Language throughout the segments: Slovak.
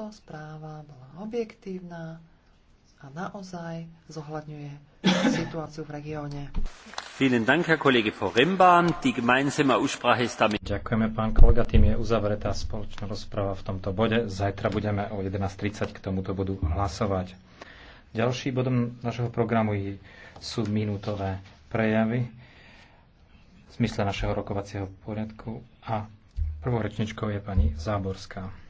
táto správa bola objektívna a naozaj zohľadňuje situáciu v regióne. Ďakujeme, pán kolega. Tým je uzavretá spoločná rozpráva v tomto bode. Zajtra budeme o 11.30 k tomuto bodu hlasovať. Ďalší bodom našeho programu sú minútové prejavy v zmysle našeho rokovacieho poriadku a prvou rečničkou je pani Záborská.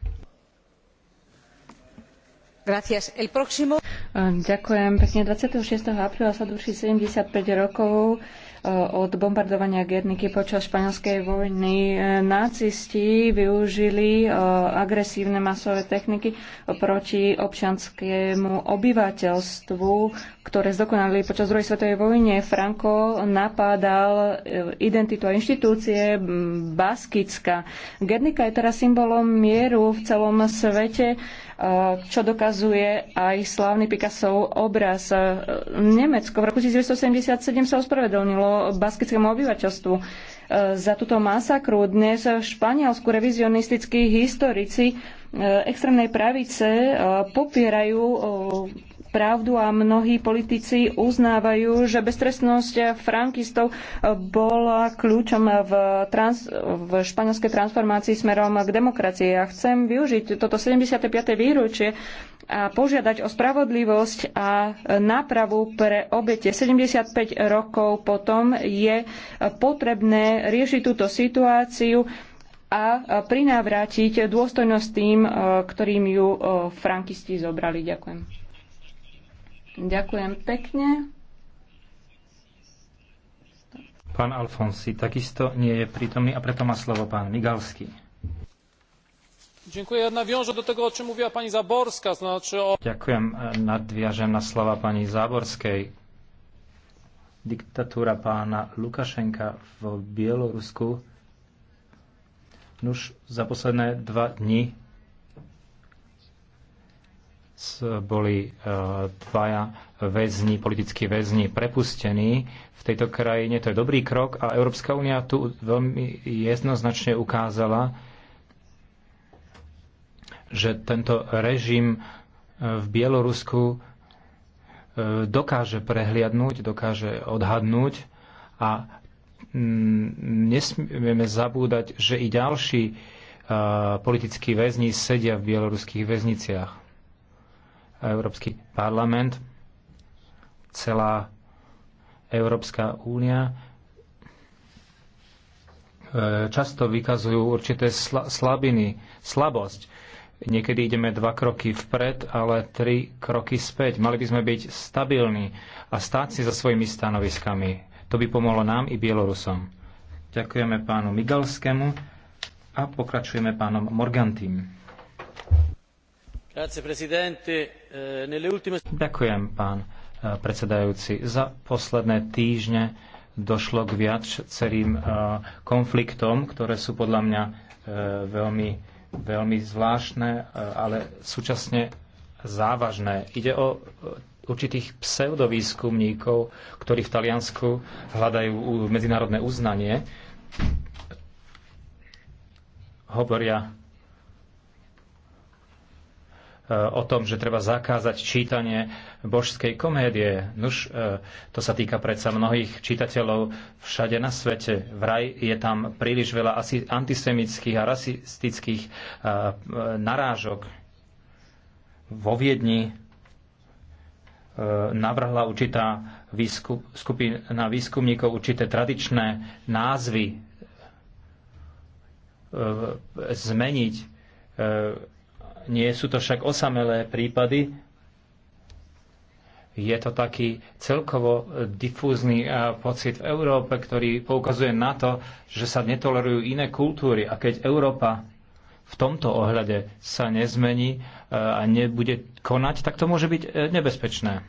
Ehm, ďakujem pekne. 26. apríla sa duší 75 rokov eh, od bombardovania Gerniky počas španielskej vojny. Eh, nacisti využili eh, agresívne masové techniky proti občianskému obyvateľstvu, ktoré zdokonali počas druhej svetovej vojne. Franco napádal identitu a inštitúcie mm, Baskicka. Gernika je teraz symbolom mieru v celom svete čo dokazuje aj slávny Picassov obraz. Nemecko v roku 1977 sa ospravedlnilo baskickému obyvateľstvu za túto masakru. Dnes v Španielsku revizionistickí historici eh, extrémnej pravice eh, popierajú eh, pravdu a mnohí politici uznávajú, že beztrestnosť frankistov bola kľúčom v, trans, v španielskej transformácii smerom k demokracii. Ja chcem využiť toto 75. výročie a požiadať o spravodlivosť a nápravu pre obete. 75 rokov potom je potrebné riešiť túto situáciu a prinávratiť dôstojnosť tým, ktorým ju frankisti zobrali. Ďakujem. Ďakujem pekne. Pán Alfonsi takisto nie je prítomný a preto má slovo pán Migalski. Ďakujem, nadviažem do toho, o čom mluvila pani Zaborská, znači o... Ďakujem, nadviažem na slova pani Záborskej. Diktatúra pána Lukašenka v Bielorusku Nuž za posledné dva dni boli e, dvaja väzni, politickí väzni prepustení v tejto krajine. To je dobrý krok a Európska únia tu veľmi jednoznačne ukázala, že tento režim e, v Bielorusku e, dokáže prehliadnúť, dokáže odhadnúť a mm, nesmieme zabúdať, že i ďalší politickí väzni sedia v bieloruských väzniciach. Európsky parlament, celá Európska únia e, často vykazujú určité slabiny, slabosť. Niekedy ideme dva kroky vpred, ale tri kroky späť. Mali by sme byť stabilní a stáť si za svojimi stanoviskami. To by pomohlo nám i Bielorusom. Ďakujeme pánu Migalskému a pokračujeme pánom Morgantým. Eh, Ďakujem, pán eh, predsedajúci. Za posledné týždne došlo k viacerým eh, konfliktom, ktoré sú podľa mňa veľmi, veľmi zvláštne, ale súčasne závažné. Ide o určitých pseudovýskumníkov, ktorí v Taliansku hľadajú medzinárodné uznanie. Hovoria Eh, o tom, že treba zakázať čítanie božskej komédie. Nuž, eh, to sa týka predsa mnohých čitateľov všade na svete. Vraj je tam príliš veľa asi antisemických a rasistických eh, narážok. Vo Viedni navrhla určitá výskup, skupina výskumníkov určité tradičné názvy zmeniť nie sú to však osamelé prípady. Je to taký celkovo difúzny pocit v Európe, ktorý poukazuje na to, že sa netolerujú iné kultúry. A keď Európa v tomto ohľade sa nezmení a nebude konať, tak to môže byť e, nebezpečné.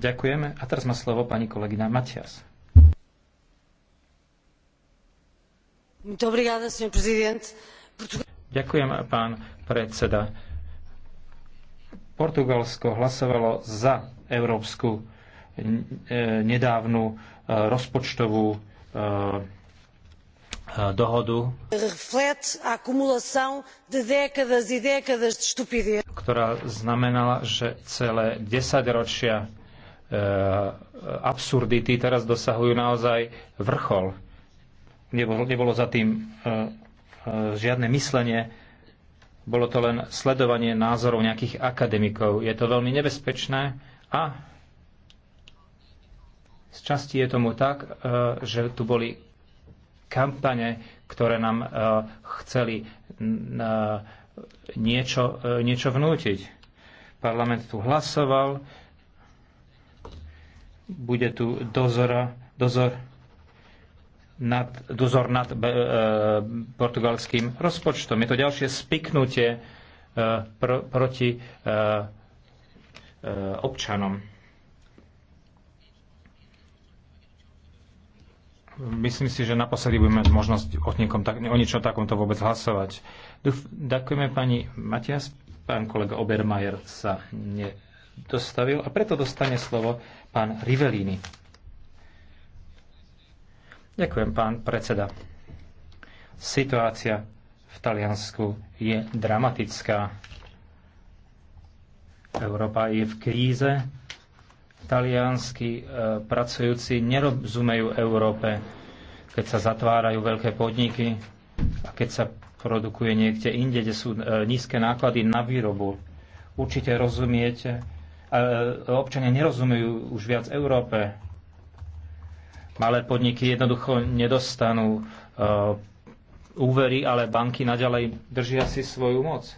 Ďakujeme. A teraz má slovo pani kolegyna Matias. Dobrý obrigada, Sr. prezident. Portugal... Ďakujem, pán predseda. Portugalsko hlasovalo za európsku e, nedávnu e, rozpočtovú e, dohodu, ktorá znamenala, že celé desaťročia absurdity teraz dosahujú naozaj vrchol. Nebolo, nebolo za tým E, žiadne myslenie, bolo to len sledovanie názorov nejakých akademikov. Je to veľmi nebezpečné a z časti je tomu tak, e, že tu boli kampane, ktoré nám e, chceli niečo, niečo vnútiť. Parlament tu hlasoval, bude tu dozor, dozor nad, dozor nad e, portugalským rozpočtom. Je to ďalšie spiknutie e, pro, proti e, e, občanom. Myslím si, že naposledy budeme mať možnosť o, niekom, tak, o ničom takomto vôbec hlasovať. Duf, ďakujeme pani Matias. Pán kolega Obermajer sa nedostavil a preto dostane slovo pán Rivelini. Ďakujem, pán predseda. Situácia v Taliansku je dramatická. Európa je v kríze. Talianskí e, pracujúci nerozumejú Európe, keď sa zatvárajú veľké podniky a keď sa produkuje niekde inde, kde sú e, nízke náklady na výrobu. Určite rozumiete, e, občania nerozumejú už viac Európe, Malé podniky jednoducho nedostanú e, úvery, ale banky naďalej držia si svoju moc.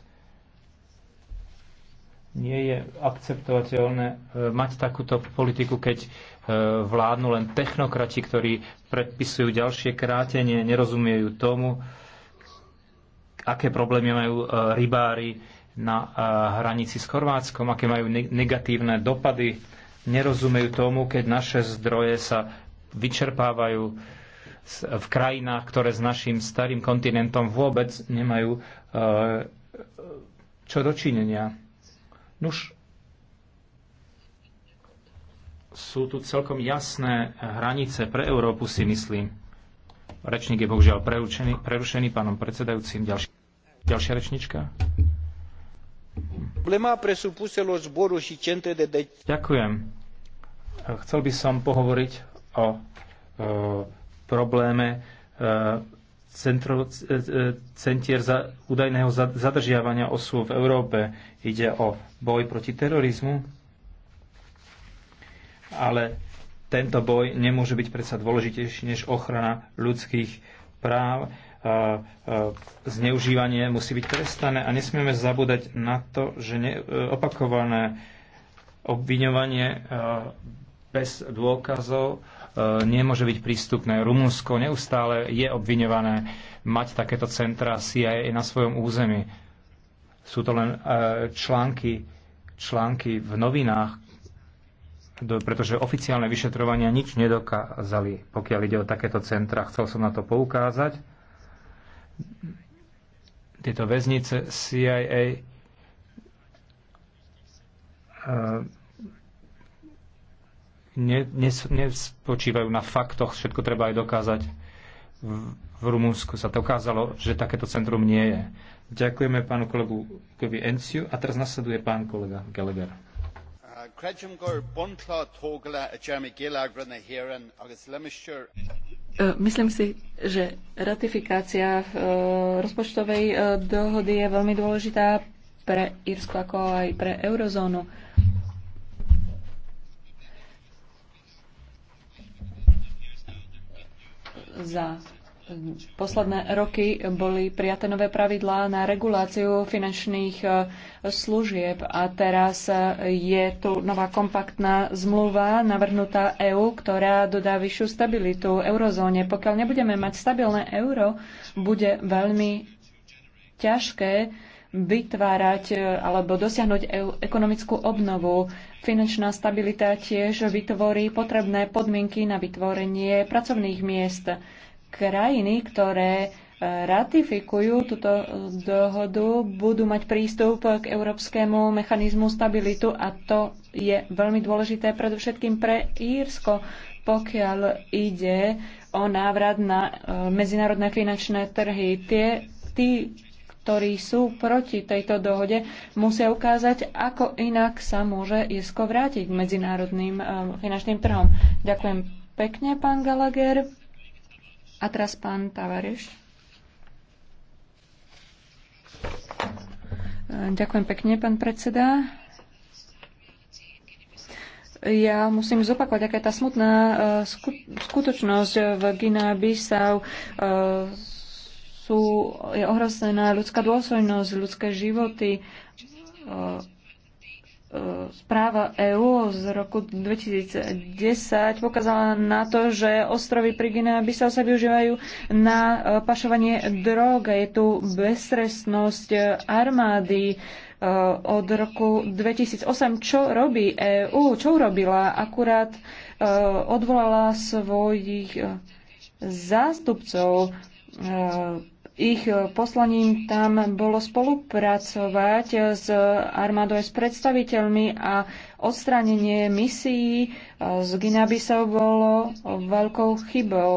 Nie je akceptovateľné e, mať takúto politiku, keď e, vládnu len technokrati, ktorí predpisujú ďalšie krátenie, nerozumiejú tomu, aké problémy majú rybári na hranici s Chorvátskom, aké majú negatívne dopady. Nerozumejú tomu, keď naše zdroje sa vyčerpávajú v krajinách, ktoré s našim starým kontinentom vôbec nemajú eh, čo dočinenia. Nuž, sú tu celkom jasné hranice pre Európu, si myslím. Rečník je bohužiaľ preučený, prerušený pánom predsedajúcim. Ďalší, ďalšia rečnička. Ďakujem. Chcel by som pohovoriť o e, probléme e, centro, e, centier za, údajného zadržiavania osôb v Európe. Ide o boj proti terorizmu, ale tento boj nemôže byť predsa dôležitejší než ochrana ľudských práv. Zneužívanie musí byť trestané a nesmieme zabúdať na to, že opakované obviňovanie bez dôkazov e, nemôže byť prístupné. Rumunsko neustále je obviňované mať takéto centra CIA na svojom území. Sú to len e, články, články v novinách, pretože oficiálne vyšetrovania nič nedokázali, pokiaľ ide o takéto centra. Chcel som na to poukázať. Tieto väznice CIA e, nespočívajú na faktoch, všetko treba aj dokázať. V, v Rumúnsku sa to ukázalo, že takéto centrum nie je. Ďakujeme pánu kolegu Enciu a teraz nasleduje pán kolega Gallagher. E, myslím si, že ratifikácia e, rozpočtovej e, dohody je veľmi dôležitá pre Írsko ako aj pre eurozónu za hm, posledné roky boli prijaté nové pravidlá na reguláciu finančných e, služieb a teraz e, je tu nová kompaktná zmluva navrhnutá EÚ, ktorá dodá vyššiu stabilitu eurozóne. Pokiaľ nebudeme mať stabilné euro, bude veľmi ťažké vytvárať e, alebo dosiahnuť ekonomickú obnovu. Finančná stabilita tiež vytvorí potrebné podmienky na vytvorenie pracovných miest. Krajiny, ktoré e, ratifikujú túto dohodu, budú mať prístup k európskemu mechanizmu stabilitu a to je veľmi dôležité predovšetkým pre Írsko, pokiaľ ide o návrat na e, medzinárodné finančné trhy. Tie, tí ktorí sú proti tejto dohode, musia ukázať, ako inak sa môže Irsko vrátiť k medzinárodným eh, finančným trhom. Ďakujem pekne, pán Gallagher. A teraz pán Tavareš. Eh, ďakujem pekne, pán predseda. Ja musím zopakovať, aká je tá smutná eh, skutočnosť v Giná Bissau sú, je ohrozená ľudská dôsojnosť, ľudské životy. E, e, správa EÚ z roku 2010 pokázala na to, že ostrovy pri by sa sa využívajú na e, pašovanie drog. Je tu bezstresnosť armády od roku 2008. Čo robí EÚ? Čo urobila? Akurát odvolala svojich zástupcov ich eh, poslaním tam bolo spolupracovať eh, s armádou aj s predstaviteľmi a odstránenie misií eh, z Ginabisov bolo veľkou chybou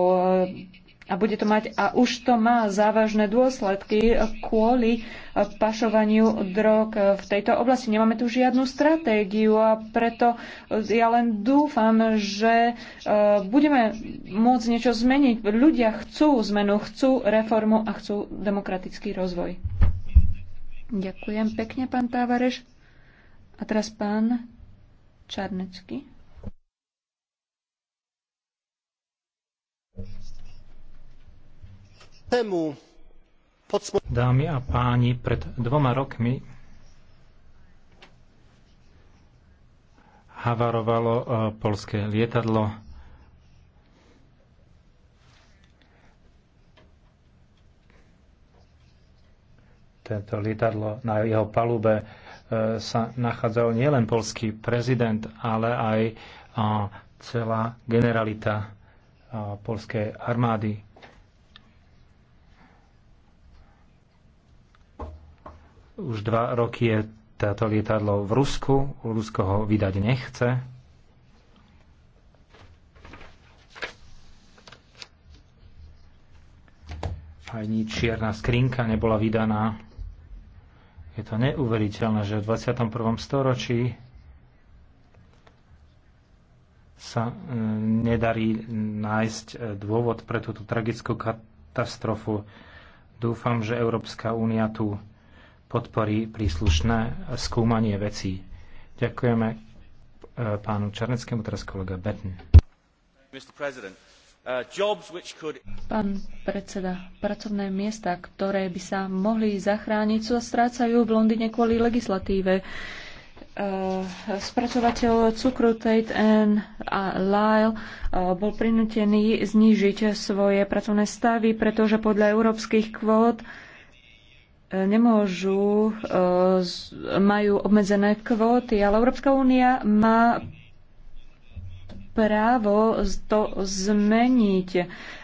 a bude to mať a už to má závažné dôsledky kvôli pašovaniu drog v tejto oblasti. Nemáme tu žiadnu stratégiu a preto ja len dúfam, že e, budeme môcť niečo zmeniť. Ľudia chcú zmenu, chcú reformu a chcú demokratický rozvoj. Ďakujem pekne, pán Távareš. A teraz pán Čarnecký. Dámy a páni, pred dvoma rokmi havarovalo e, polské lietadlo. Tento lietadlo na jeho palube e, sa nachádzal nielen polský prezident, ale aj e, celá generalita polskej armády Už dva roky je táto lietadlo v Rusku. Rusko ho vydať nechce. Ani čierna skrinka nebola vydaná. Je to neuveriteľné, že v 21. storočí sa e, nedarí nájsť e, dôvod pre túto tragickú katastrofu. Dúfam, že Európska únia tu podporí príslušné skúmanie vecí. Ďakujeme eh, pánu Černeckému, teraz kolega Betten. Eh, Pán predseda, pracovné miesta, ktoré by sa mohli zachrániť, sa strácajú v Londýne kvôli legislatíve eh, spracovateľ cukru Tate and Lyle bol prinútený znížiť svoje pracovné stavy, pretože podľa európskych kvót nemôžu, eh, majú obmedzené kvóty, ale Európska únia má právo to zmeniť.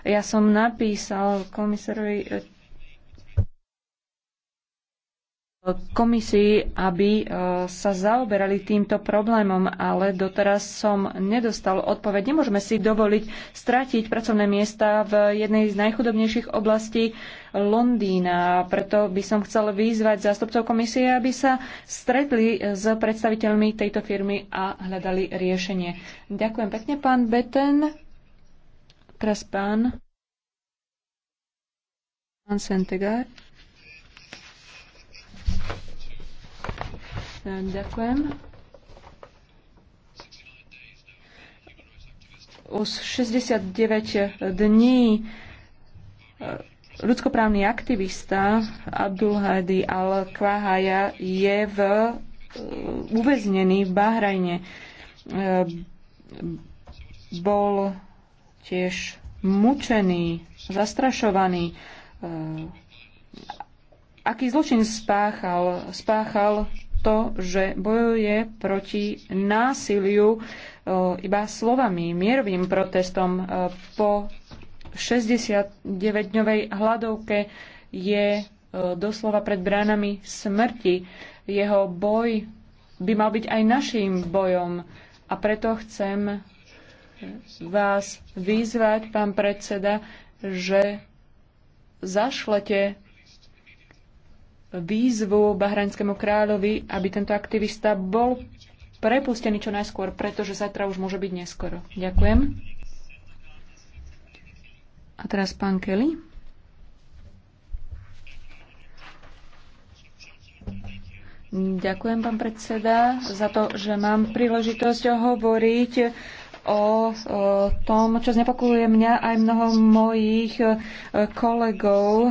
Ja som napísal komisárovi komisii, aby e, sa zaoberali týmto problémom, ale doteraz som nedostal odpoveď. Nemôžeme si dovoliť stratiť pracovné miesta v jednej z najchudobnejších oblastí Londýna. Preto by som chcel vyzvať zástupcov komisie, aby sa stretli s predstaviteľmi tejto firmy a hľadali riešenie. Ďakujem pekne, pán Beten. Teraz pán. Pán Sentegard. Ďakujem. Už 69 dní eh, ľudskoprávny aktivista Abdulhadi al-Kvahaja je v, eh, uväznený v Bahrajne. Eh, bol tiež mučený, zastrašovaný. Aký zločin spáchal? Spáchal to, že bojuje proti násiliu e, iba slovami, mierovým protestom. E, po 69-dňovej hladovke je e, doslova pred bránami smrti. Jeho boj by mal byť aj našim bojom a preto chcem vás vyzvať, pán predseda, že zašlete výzvu Bahraňskému kráľovi, aby tento aktivista bol prepustený čo najskôr, pretože zajtra už môže byť neskoro. Ďakujem. A teraz pán Kelly. Ďakujem, pán predseda, za to, že mám príležitosť hovoriť o, tom, čo znepokojuje mňa aj mnoho mojich e, kolegov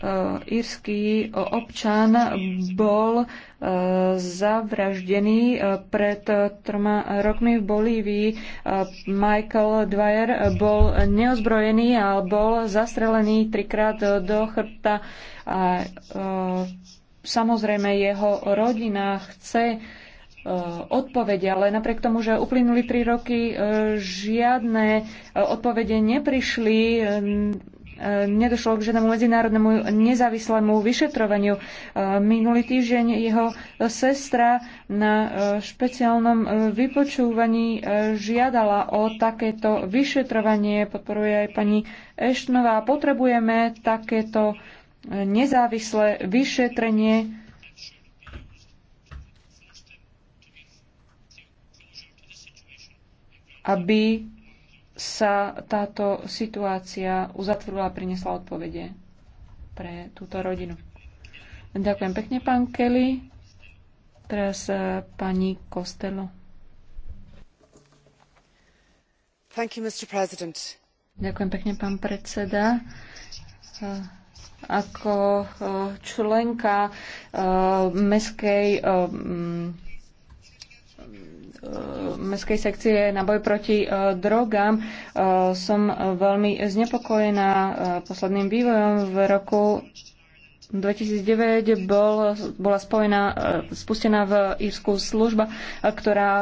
Eh, írsky občan bol eh, zavraždený eh, pred troma rokmi v Bolívii. Michael Dwyer bol neozbrojený a bol zastrelený trikrát do chrbta. A samozrejme jeho rodina chce odpovede, ale napriek tomu, že uplynuli tri roky, žiadne odpovede neprišli nedošlo k žiadnemu medzinárodnému nezávislému vyšetrovaniu. E, minulý týždeň jeho sestra na e, špeciálnom e, vypočúvaní žiadala o takéto vyšetrovanie, podporuje aj pani Eštnová. Potrebujeme takéto nezávislé vyšetrenie aby sa táto situácia uzatvorila a priniesla odpovede pre túto rodinu. Ďakujem pekne, pán Kelly. Teraz eh, pani Costello. Thank you, Mr. President. Ďakujem pekne, pán predseda. Eh, ako eh, členka mestskej E, mestskej sekcie na boj proti e, drogám. E, som veľmi znepokojená posledným vývojom v roku 2009 bol, bola spojená, spustená v Írsku služba, ktorá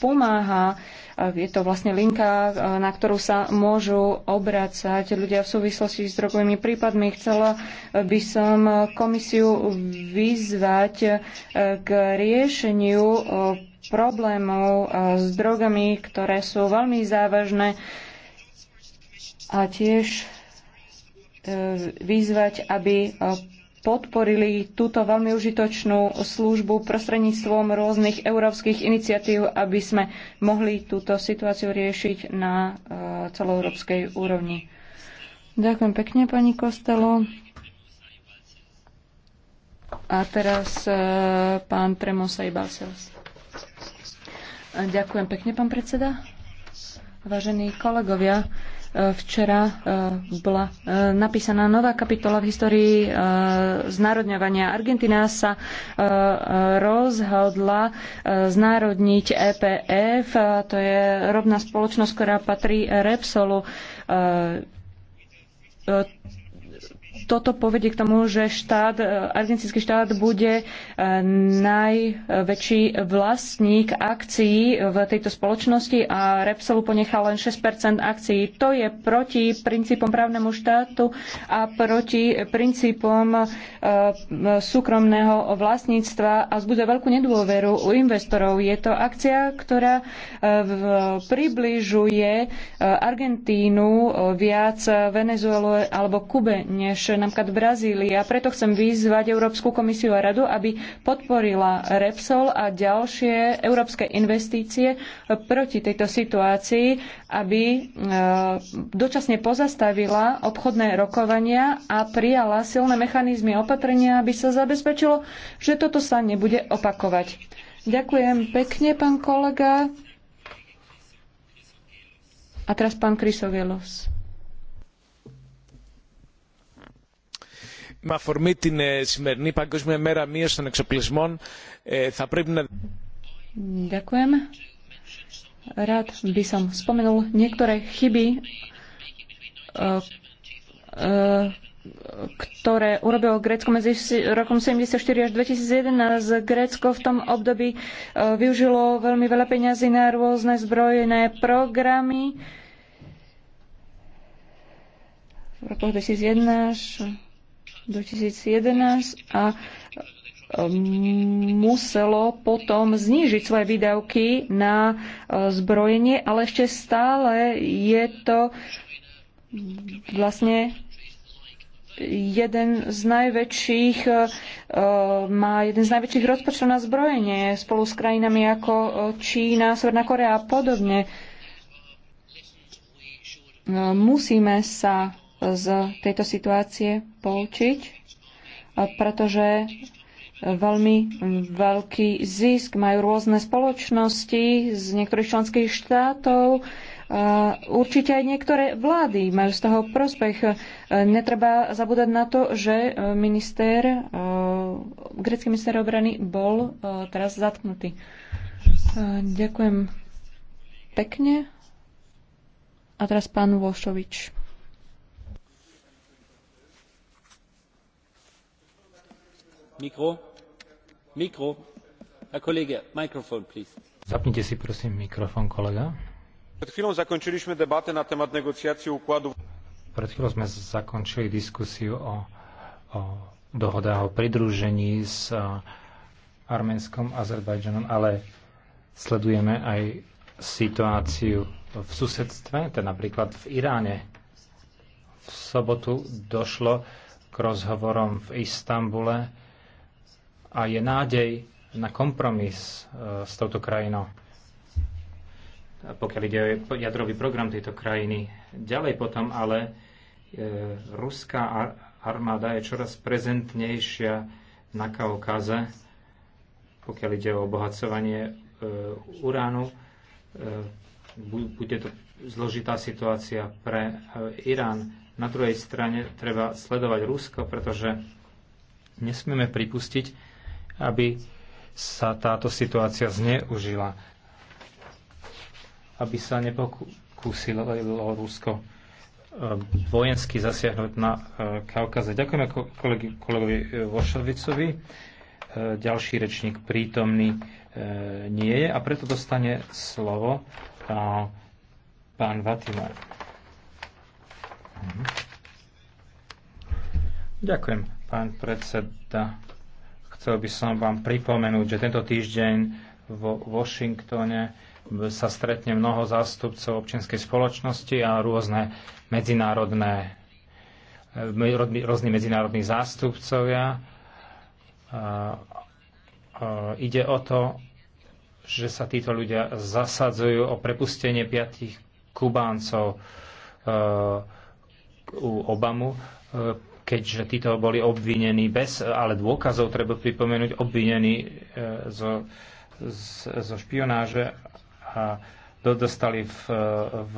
pomáha. Je to vlastne linka, na ktorú sa môžu obrácať ľudia v súvislosti s drogovými prípadmi. Chcela by som komisiu vyzvať e, k riešeniu e, problémov e, s drogami, ktoré sú veľmi závažné a tiež vyzvať, aby podporili túto veľmi užitočnú službu prostredníctvom rôznych európskych iniciatív, aby sme mohli túto situáciu riešiť na eh, celoeurópskej úrovni. Ďakujem pekne, pani Kostelo. A teraz eh, pán Tremosa Ibasels. Ďakujem pekne, pán predseda. Vážení kolegovia, Včera e, bola e, napísaná nová kapitola v histórii e, znárodňovania. Argentina sa rozhodla znárodniť EPF, to je rovná spoločnosť, ktorá patrí Repsolu toto povedie k tomu, že štát, e, argentinský štát bude e, najväčší vlastník akcií v tejto spoločnosti a Repsolu ponechal len 6 akcií. To je proti princípom právnemu štátu a proti princípom e, súkromného vlastníctva a zbudza veľkú nedôveru u investorov. Je to akcia, ktorá približuje Argentínu viac Venezuelu alebo Kube než podporuje napríklad Brazília. Preto chcem vyzvať Európsku komisiu a radu, aby podporila Repsol a ďalšie európske investície proti tejto situácii, aby e, dočasne pozastavila obchodné rokovania a prijala silné mechanizmy opatrenia, aby sa zabezpečilo, že toto sa nebude opakovať. Ďakujem pekne, pán kolega. A teraz pán Krysogelos. με αφορμή την σημερινή Παγκόσμια Μέρα Μείωση των Εξοπλισμών θα πρέπει να... Ďakujem. Rád by som spomenul niektoré chyby, e, e, ktoré urobilo Grécko medzi rokom 74 až 2011. Grécko v tom období e, využilo veľmi veľa peňazí na rôzne zbrojené programy. V roku až 2011 a e, muselo potom znížiť svoje výdavky na e, zbrojenie, ale ešte stále je to vlastne jeden z najväčších e, má jeden z najväčších rozpočtov na zbrojenie spolu s krajinami ako Čína, Severná Korea a podobne. Musíme sa z tejto situácie poučiť, pretože veľmi veľký zisk majú rôzne spoločnosti z niektorých členských štátov, určite aj niektoré vlády majú z toho prospech. Netreba zabúdať na to, že minister, e, grecký minister obrany bol e, teraz zatknutý. E, ďakujem pekne. A teraz pán Vošovič. Zapnite si prosím kolega. Pred chvíľou zakončili sme na Pred chvíľou sme zakončili diskusiu o, o dohodách o pridružení s Arménskom Azerbajdžanom, ale sledujeme aj situáciu v susedstve, teda napríklad v Iráne. V sobotu došlo k rozhovorom v Istambule, a je nádej na kompromis eh, s touto krajinou. Pokiaľ ide o jadrový program tejto krajiny. Ďalej potom ale eh, ruská armáda je čoraz prezentnejšia na Kaukaze, pokiaľ ide o obohacovanie eh, uránu. Bude to zložitá situácia pre Irán. Na druhej strane treba sledovať Rusko, pretože nesmieme pripustiť, aby sa táto situácia zneužila, aby sa nepokúsilo Rusko e, vojensky zasiahnuť na e, Kaukaze. Ďakujeme kolegovi e, Vošovicovi. Ďalší rečník prítomný nie je a preto dostane slovo pán Vatimar. Mhm. Ďakujem, pán predseda. Chcel by som vám pripomenúť, že tento týždeň vo Washingtone sa stretne mnoho zástupcov občianskej spoločnosti a rôzne medzinárodné rôzni medzinárodní zástupcovia. Ide o to, že sa títo ľudia zasadzujú o prepustenie piatich Kubáncov e, u Obamu. E, keďže títo boli obvinení bez, ale dôkazov treba pripomenúť, obvinení e, zo, zo špionáže a dostali v, e, v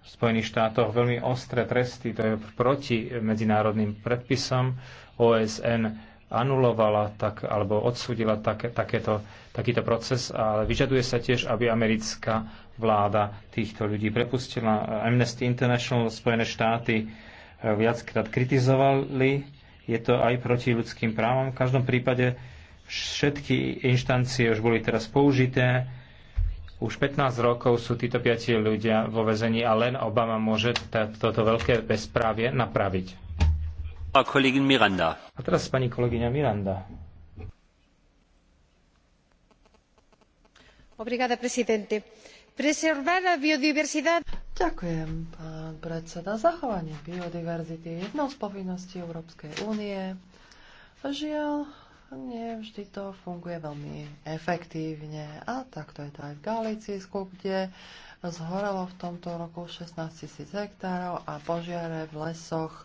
Spojených štátoch veľmi ostré tresty, to je proti medzinárodným predpisom. OSN anulovala tak, alebo odsudila tak, takéto, takýto proces, ale vyžaduje sa tiež, aby americká vláda týchto ľudí prepustila. Amnesty International, Spojené štáty viackrát kritizovali. Je to aj proti ľudským právam. V každom prípade všetky inštancie už boli teraz použité. Už 15 rokov sú títo piati ľudia vo väzení a len Obama môže toto veľké bezprávie napraviť. A, a teraz pani kolegyňa Miranda. Obrigada, presidente. Preservar la biodiversidad... Ďakujem, pán predseda. Zachovanie biodiverzity je jednou z povinností Európskej únie. Žiaľ, vždy to funguje veľmi efektívne. A takto je to aj v Galicísku, kde zhorelo v tomto roku 16 tisíc hektárov a požiare v lesoch e,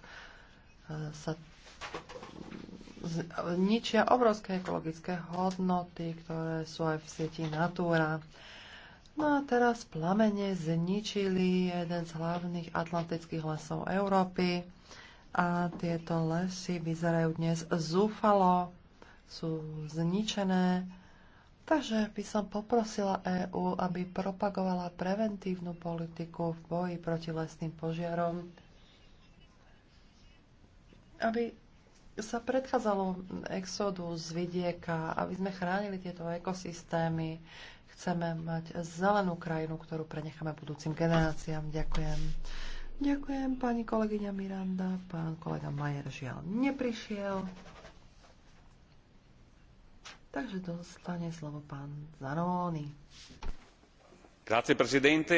sa ničia obrovské ekologické hodnoty, ktoré sú aj v sieti Natúra. No a teraz plamene zničili jeden z hlavných atlantických lesov Európy a tieto lesy vyzerajú dnes zúfalo, sú zničené. Takže by som poprosila EÚ, aby propagovala preventívnu politiku v boji proti lesným požiarom, aby sa predchádzalo exodu z vidieka, aby sme chránili tieto ekosystémy, Chceme mať zelenú krajinu, ktorú prenecháme budúcim generáciám. Ďakujem. Ďakujem pani kolegyňa Miranda. Pán kolega Majer žiaľ neprišiel. Takže dostane slovo pán Zanoni. Grazie Presidente.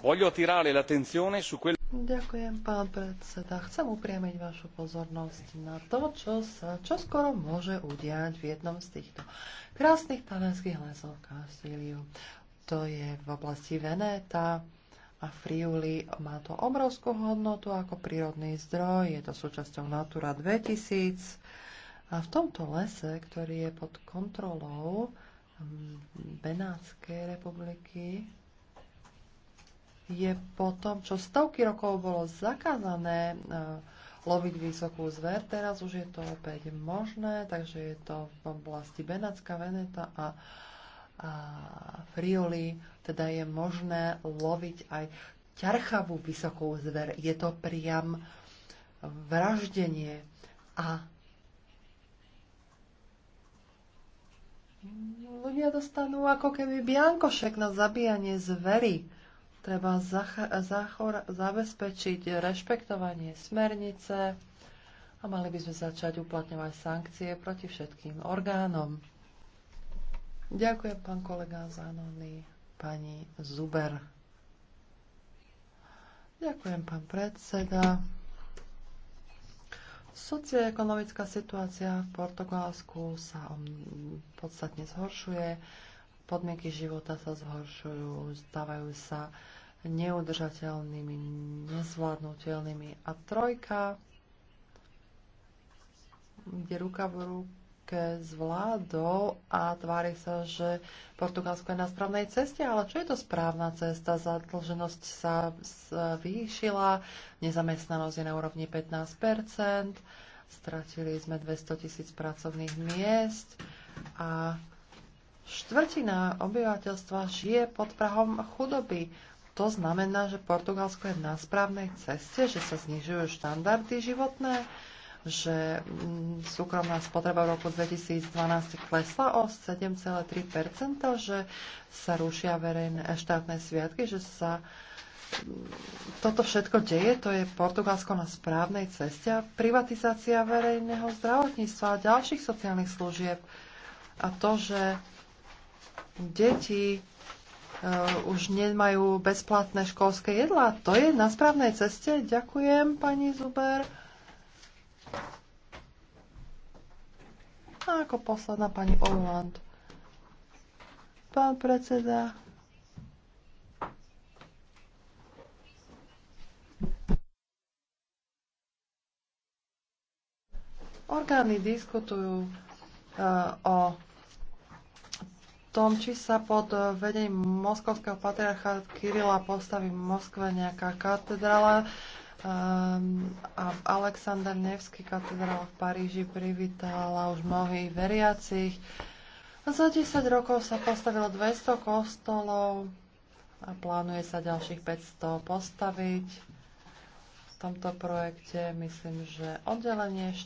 Voglio attirare l'attenzione su quello... Ďakujem, pán predseda. Chcem upriamiť vašu pozornosť na to, čo sa skoro môže udiať v jednom z týchto krásnych talianských lesov Kastíliu. To je v oblasti Veneta, a Friuli. Má to obrovskú hodnotu ako prírodný zdroj, je to súčasťou Natura 2000. A v tomto lese, ktorý je pod kontrolou mm, Benátskej republiky, je po tom, čo stovky rokov bolo zakázané e, loviť vysokú zver, teraz už je to opäť možné, takže je to v oblasti Benacka, Veneta a, a Friuli, teda je možné loviť aj ťarchavú vysokú zver. Je to priam vraždenie a ľudia dostanú ako keby biankošek na zabíjanie zvery Treba zabezpečiť rešpektovanie smernice a mali by sme začať uplatňovať sankcie proti všetkým orgánom. Ďakujem, pán kolega Zanony, pani Zuber. Ďakujem, pán predseda. Socioekonomická situácia v Portugalsku sa podstatne zhoršuje podmienky života sa zhoršujú, stávajú sa neudržateľnými, nezvládnutelnými. A trojka ide ruka v ruke s vládou a tvári sa, že Portugalsko je na správnej ceste, ale čo je to správna cesta? Zadlženosť sa zvýšila, nezamestnanosť je na úrovni 15 stratili sme 200 tisíc pracovných miest a Štvrtina obyvateľstva žije pod prahom chudoby. To znamená, že Portugalsko je na správnej ceste, že sa znižujú štandardy životné, že mm, súkromná spotreba v roku 2012 klesla o 7,3%, že sa rušia verejné štátne sviatky, že sa mm, toto všetko deje, to je Portugalsko na správnej ceste a privatizácia verejného zdravotníctva a ďalších sociálnych služieb a to, že deti uh, už nemajú bezplatné školské jedlá. To je na správnej ceste. Ďakujem, pani Zuber. A ako posledná pani Oland. Pán predseda. Orgány diskutujú uh, o tom, či sa pod vedením moskovského patriarcha Kirila postaví v Moskve nejaká katedrála um, a Aleksandr Nevský katedrála v Paríži privítala už mnohých veriacich. Za 10 rokov sa postavilo 200 kostolov a plánuje sa ďalších 500 postaviť. V tomto projekte myslím, že oddelenie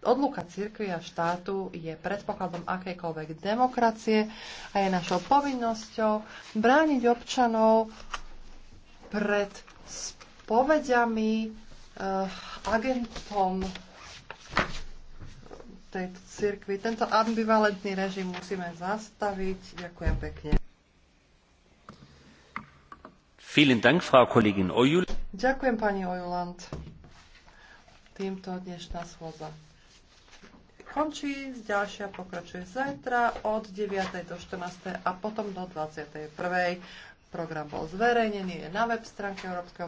Odluka cirkvi a štátu je predpokladom akejkoľvek demokracie a je našou povinnosťou brániť občanov pred spovediami uh, eh, agentom tejto cirkvi. Tento ambivalentný režim musíme zastaviť. Ďakujem pekne. Vielen Dank, Frau Kollegin Ojul. Ďakujem, pani Ojuland. Týmto dnešná schôdza končí, ďalšia pokračuje zajtra od 9. do 14. a potom do 21. Program bol zverejnený, je na web stránke Európskeho